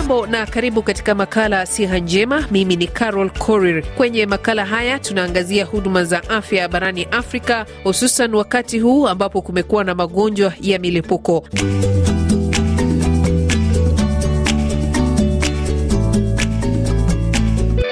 Hujambo na karibu katika makala ya Siha Njema. Mimi ni Carol Korir. Kwenye makala haya tunaangazia huduma za afya barani Afrika, hususan wakati huu ambapo kumekuwa na magonjwa ya milipuko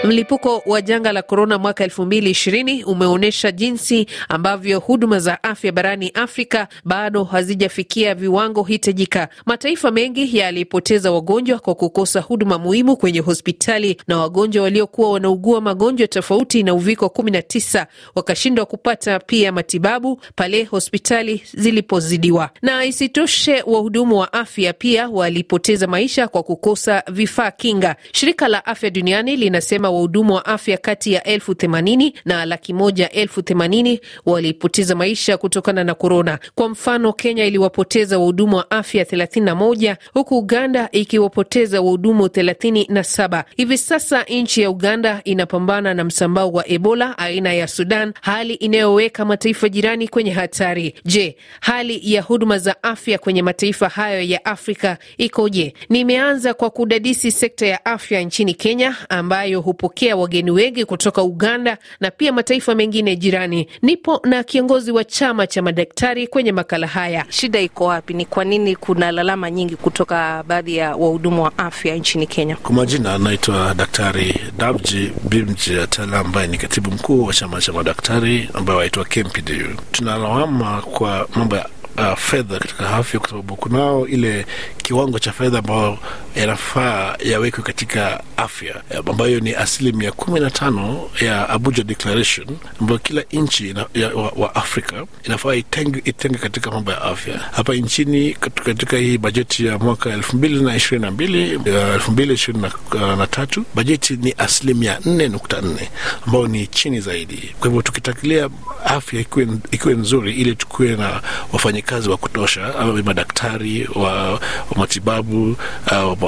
Mlipuko wa janga la korona mwaka elfu mbili ishirini umeonyesha jinsi ambavyo huduma za afya barani Afrika bado hazijafikia viwango hitajika. Mataifa mengi yalipoteza wagonjwa kwa kukosa huduma muhimu kwenye hospitali, na wagonjwa waliokuwa wanaugua magonjwa tofauti na uviko 19 wakashindwa kupata pia matibabu pale hospitali zilipozidiwa. Na isitoshe, wahudumu wa afya pia walipoteza maisha kwa kukosa vifaa kinga. Shirika la Afya Duniani linasema wahudumu wa afya kati ya elfu themanini na laki moja elfu themanini walipoteza maisha kutokana na korona. Kwa mfano, Kenya iliwapoteza wahudumu wa afya 31 huku Uganda ikiwapoteza wahudumu 37. Hivi sasa nchi ya Uganda inapambana na msambao wa Ebola aina ya Sudan, hali inayoweka mataifa jirani kwenye hatari. Je, hali ya huduma za afya kwenye mataifa hayo ya Afrika ikoje? Nimeanza kwa kudadisi sekta ya afya nchini Kenya ambayo hupo imepokea wageni wengi kutoka Uganda na pia mataifa mengine jirani. Nipo na kiongozi wa chama cha madaktari kwenye makala haya. Shida iko wapi? Ni kwa nini kuna lalama nyingi kutoka baadhi ya wahudumu wa afya nchini Kenya? Kwa majina anaitwa Daktari Dabji Bimji Atala ambaye ni katibu mkuu wa chama cha madaktari ambayo waitwa KMPDU. Tunalawama kwa mambo ya Uh, fedha katika afya kwa sababu kunao ile kiwango cha fedha ambayo yanafaa yawekwe katika afya ambayo ni asilimia kumi na tano ya Abuja Declaration ambayo kila nchi wa, wa Afrika inafaa itenge, itenge katika mambo ya afya. Hapa nchini katika hii bajeti ya mwaka elfu mbili na ishirini na mbili elfu mbili ishirini uh, na tatu bajeti ni asilimia nne nukta nne ambayo ni chini zaidi. Kwa hivyo tukitakilia afya ikiwe, nzuri, ili tukuwe na wafanyikazi wa kutosha, madaktari wa matibabu, uh,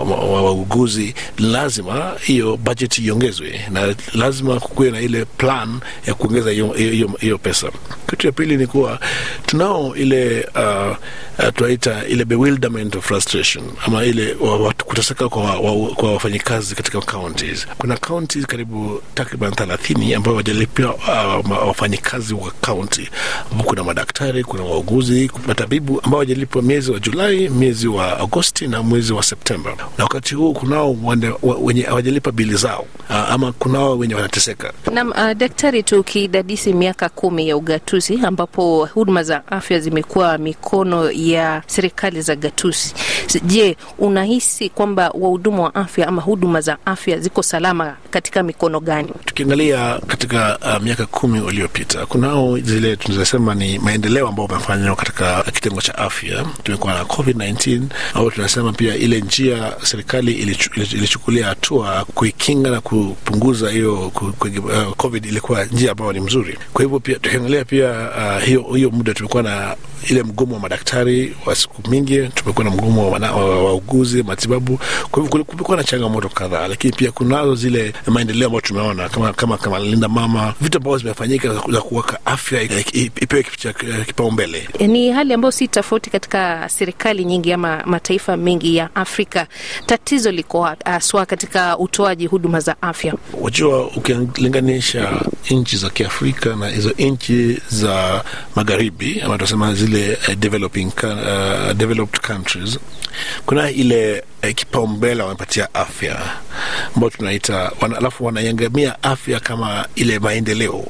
wauguzi, lazima hiyo bajeti iongezwe na lazima kukuwe na ile plan ya kuongeza hiyo pesa. Kitu ya pili ni kuwa tunao ile uh, uh, tunaita ile bewilderment of frustration ama ile kuteseka kwa, wa, kwa wafanyikazi katika counties. Kuna counties karibu takriban thelathini ambayo wajalipia uh, wafanyikazi wa county. Kuna madaktari, kuna wauguzi, matabibu ambao wajalipwa miezi wa Julai, miezi wa Agosti Agosti na mwezi wa Septemba, na wakati huu kunao wenye hawajalipa bili zao ama kunao wenye wanateseka. Naam, uh, daktari, tukidadisi miaka kumi ya ugatuzi ambapo huduma za afya zimekuwa mikono ya serikali za gatuzi, je, unahisi kwamba wahudumu wa afya ama huduma za afya ziko salama katika mikono gani? Tukiangalia katika uh, miaka kumi uliopita, kunao zile tunazosema ni maendeleo ambayo wamefanywa katika kitengo cha afya. Tumekuwa na COVID-19 au tunasema pia ile njia serikali ilichukulia hatua kuikinga na kupunguza hiyo uh, COVID ilikuwa njia ambayo ni mzuri. Kwa hivyo pia tukiangalia pia uh, hiyo, hiyo muda tumekuwa na ile mgomo wa madaktari wa siku mingi, tumekuwa na mgomo wa wauguzi matibabu. Kwa hivyo kumekuwa na changamoto kadhaa, lakini pia kunazo zile maendeleo ambayo tumeona kama, kama, kama Linda Mama, vitu ambavyo zimefanyika za kuweka afya ipewe eh, kipaumbele. Eh, ni hali ambayo si tofauti katika serikali nyingi ama mataifa mengi ya Afrika. Tatizo liko haswa katika utoaji huduma za afya. Wajua, ukilinganisha nchi za Kiafrika na hizo nchi za magharibi ama tunasema zile zile uh, developing, uh, developed countries kuna ile uh, kipaumbele wamepatia afya ambayo tunaita wana, alafu wanaiangamia afya kama ile maendeleo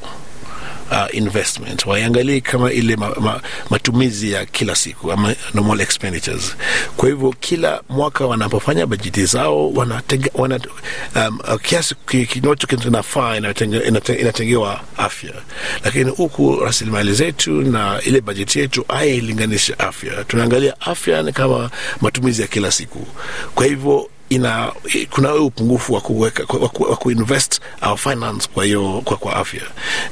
uh, investment, waiangalie kama ile ma, ma, matumizi ya kila siku ama normal expenditures. Kwa hivyo kila mwaka wanapofanya bajeti zao wanatenga, wana, um, uh, kiasi kinacho kinafaa inatengewa afya, lakini huku rasilimali zetu na ile bajeti yetu ailinganishi afya. Tunaangalia afya ni kama matumizi ya kila siku, kwa hivyo ina kuna upungufu wa kuweka wa kuinvest our finance kwa hiyo kwa, kwa afya.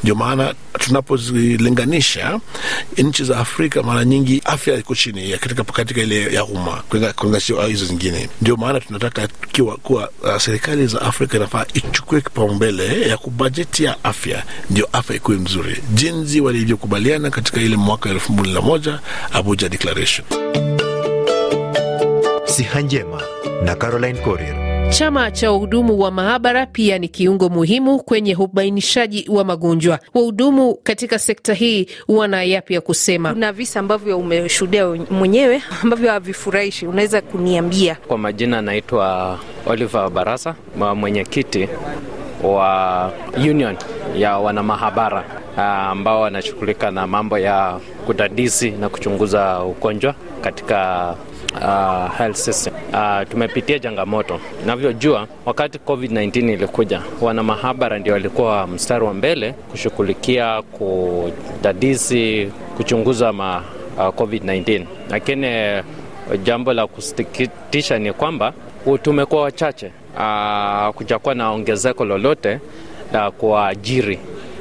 Ndio maana tunapozilinganisha nchi za Afrika, mara nyingi afya iko chini katika, katika ile ya umma hizo zingine. Ndio maana tunataka kiwa, kuwa uh, serikali za Afrika inafaa ichukue kipaumbele ya kubajeti ya afya, ndio afya ikuwe mzuri, jinsi walivyokubaliana katika ile mwaka elfu mbili na moja Abuja Declaration. Siha njema na Caroline Corrier. Chama cha wahudumu wa maabara pia ni kiungo muhimu kwenye ubainishaji wa magonjwa. Wahudumu katika sekta hii wana yapi ya kusema? Kuna visa ambavyo umeshuhudia mwenyewe ambavyo havifurahishi, unaweza kuniambia? Kwa majina, anaitwa Oliver Barasa, mwenyekiti wa union ya wanamahabara ah, ambao wanashughulika na mambo ya kudadisi na kuchunguza ugonjwa katika uh, health system. Uh, tumepitia changamoto navyojua, wakati COVID-19 ilikuja, wana mahabara ndio walikuwa mstari wa mbele kushughulikia, kudadisi, kuchunguza ma uh, COVID-19, lakini uh, jambo la kusikitisha ni kwamba tumekuwa wachache uh, kujakuwa na ongezeko lolote la kuwaajiri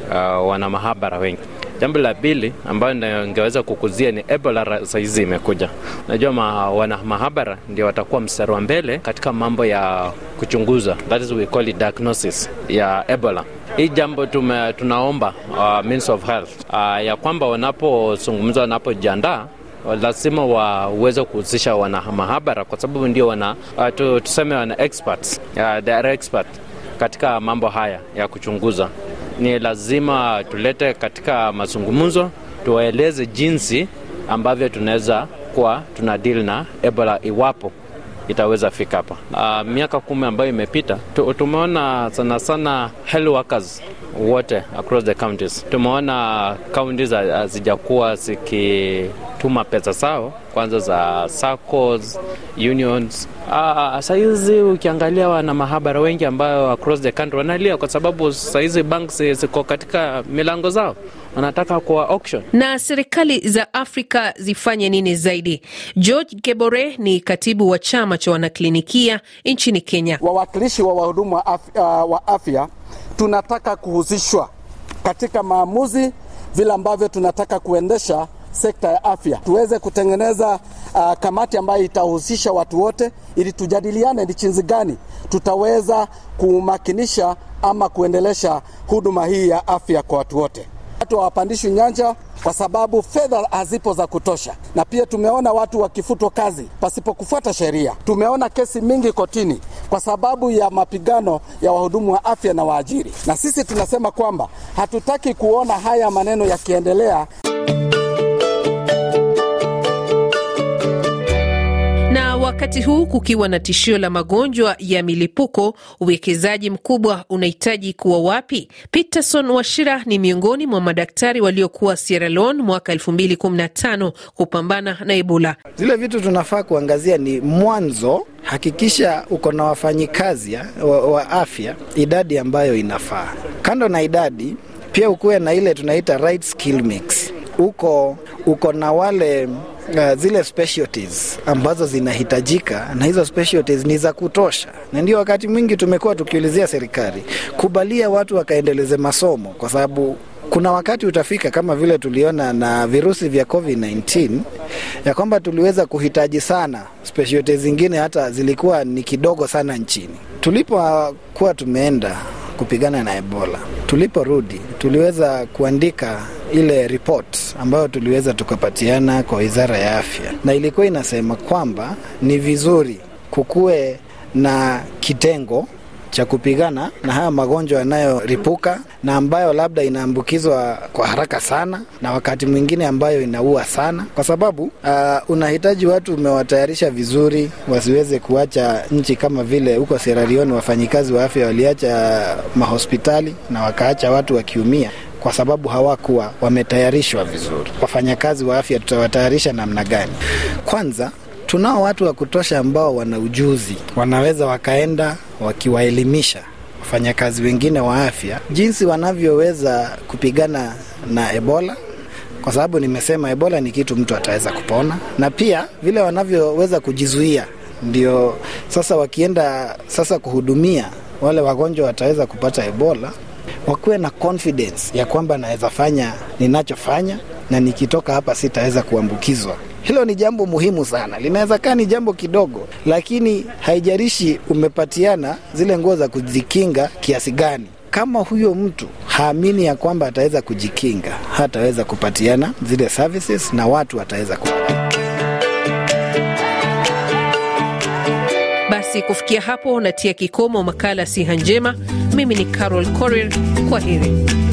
uh, wana mahabara wengi. Jambo la pili ambayo ningeweza kukuzia ni Ebola saizi imekuja. Najua ma, wana mahabara ndio watakuwa mstari wa mbele katika mambo ya kuchunguza, that is we call it diagnosis ya Ebola. Hii jambo tume, tunaomba uh, means of health uh, ya kwamba wanapozungumza wanapojiandaa lazima waweze kuhusisha wanamahabara kwa sababu ndio wana uh, tu, tuseme wana experts, uh, they are expert katika mambo haya ya kuchunguza ni lazima tulete katika mazungumzo, tuwaeleze jinsi ambavyo tunaweza kuwa tuna deal na Ebola iwapo itaweza fika hapa. Uh, miaka kumi ambayo imepita tumeona sana sana health workers wote across the counties, tumeona counties hazijakuwa ziki tuma pesa zao kwanza za SACCOs, unions. Ah, ah, ah saizi ukiangalia wana mahabara wengi ambayo across the country wanalia kwa sababu saizi banks ziko katika milango zao wanataka kwa auction. Na serikali za Afrika zifanye nini zaidi? George kebore ni katibu wa chama cha wanaklinikia nchini Kenya. Wawakilishi wa wahudumu wa af uh, wa afya tunataka kuhusishwa katika maamuzi vile ambavyo tunataka kuendesha sekta ya afya, tuweze kutengeneza uh, kamati ambayo itahusisha watu wote, ili tujadiliane ni chinzi gani tutaweza kumakinisha ama kuendelesha huduma hii ya afya kwa watu wote. Watu hawapandishwi nyanja kwa sababu fedha hazipo za kutosha, na pia tumeona watu wakifutwa kazi pasipo kufuata sheria. Tumeona kesi mingi kotini kwa sababu ya mapigano ya wahudumu wa afya na waajiri, na sisi tunasema kwamba hatutaki kuona haya maneno yakiendelea. Wakati huu kukiwa na tishio la magonjwa ya milipuko, uwekezaji mkubwa unahitaji kuwa wapi? Peterson Washira ni miongoni mwa madaktari waliokuwa Sierra Leone mwaka 2015 kupambana na Ebola. Zile vitu tunafaa kuangazia ni mwanzo, hakikisha uko na wafanyikazi eh, wa, wa afya, idadi ambayo inafaa. Kando na idadi, pia ukuwe na ile tunaita right skill mix, uko uko na wale uh, zile specialties ambazo zinahitajika na hizo specialties ni za kutosha, na ndio wakati mwingi tumekuwa tukiulizia serikali kubalia watu wakaendeleze masomo kwa sababu kuna wakati utafika kama vile tuliona na virusi vya COVID-19 ya kwamba tuliweza kuhitaji sana specialties zingine, hata zilikuwa ni kidogo sana nchini. Tulipokuwa tumeenda kupigana na Ebola, tuliporudi tuliweza kuandika ile report ambayo tuliweza tukapatiana kwa wizara ya afya, na ilikuwa inasema kwamba ni vizuri kukuwe na kitengo cha kupigana na haya magonjwa yanayoripuka na ambayo labda inaambukizwa kwa haraka sana, na wakati mwingine ambayo inaua sana, kwa sababu uh, unahitaji watu umewatayarisha vizuri wasiweze kuacha nchi, kama vile huko Sierra Leone wafanyikazi wa afya waliacha mahospitali na wakaacha watu wakiumia kwa sababu hawakuwa wametayarishwa vizuri. Wafanyakazi wa afya tutawatayarisha namna gani? Kwanza tunao watu wa kutosha ambao wana ujuzi, wanaweza wakaenda wakiwaelimisha wafanyakazi wengine wa afya jinsi wanavyoweza kupigana na Ebola kwa sababu nimesema Ebola ni kitu mtu ataweza kupona, na pia vile wanavyoweza kujizuia. Ndio sasa wakienda sasa kuhudumia wale wagonjwa wataweza kupata Ebola wakuwe na confidence ya kwamba naweza fanya ninachofanya na nikitoka hapa sitaweza kuambukizwa. Hilo ni jambo muhimu sana. Linaweza kaa ni jambo kidogo, lakini haijarishi umepatiana zile nguo za kujikinga kiasi gani, kama huyo mtu haamini ya kwamba ataweza kujikinga, hataweza kupatiana zile services na watu wataweza kupatiana Basi kufikia hapo natia kikomo makala siha njema. Mimi ni Carol Korir, kwa heri.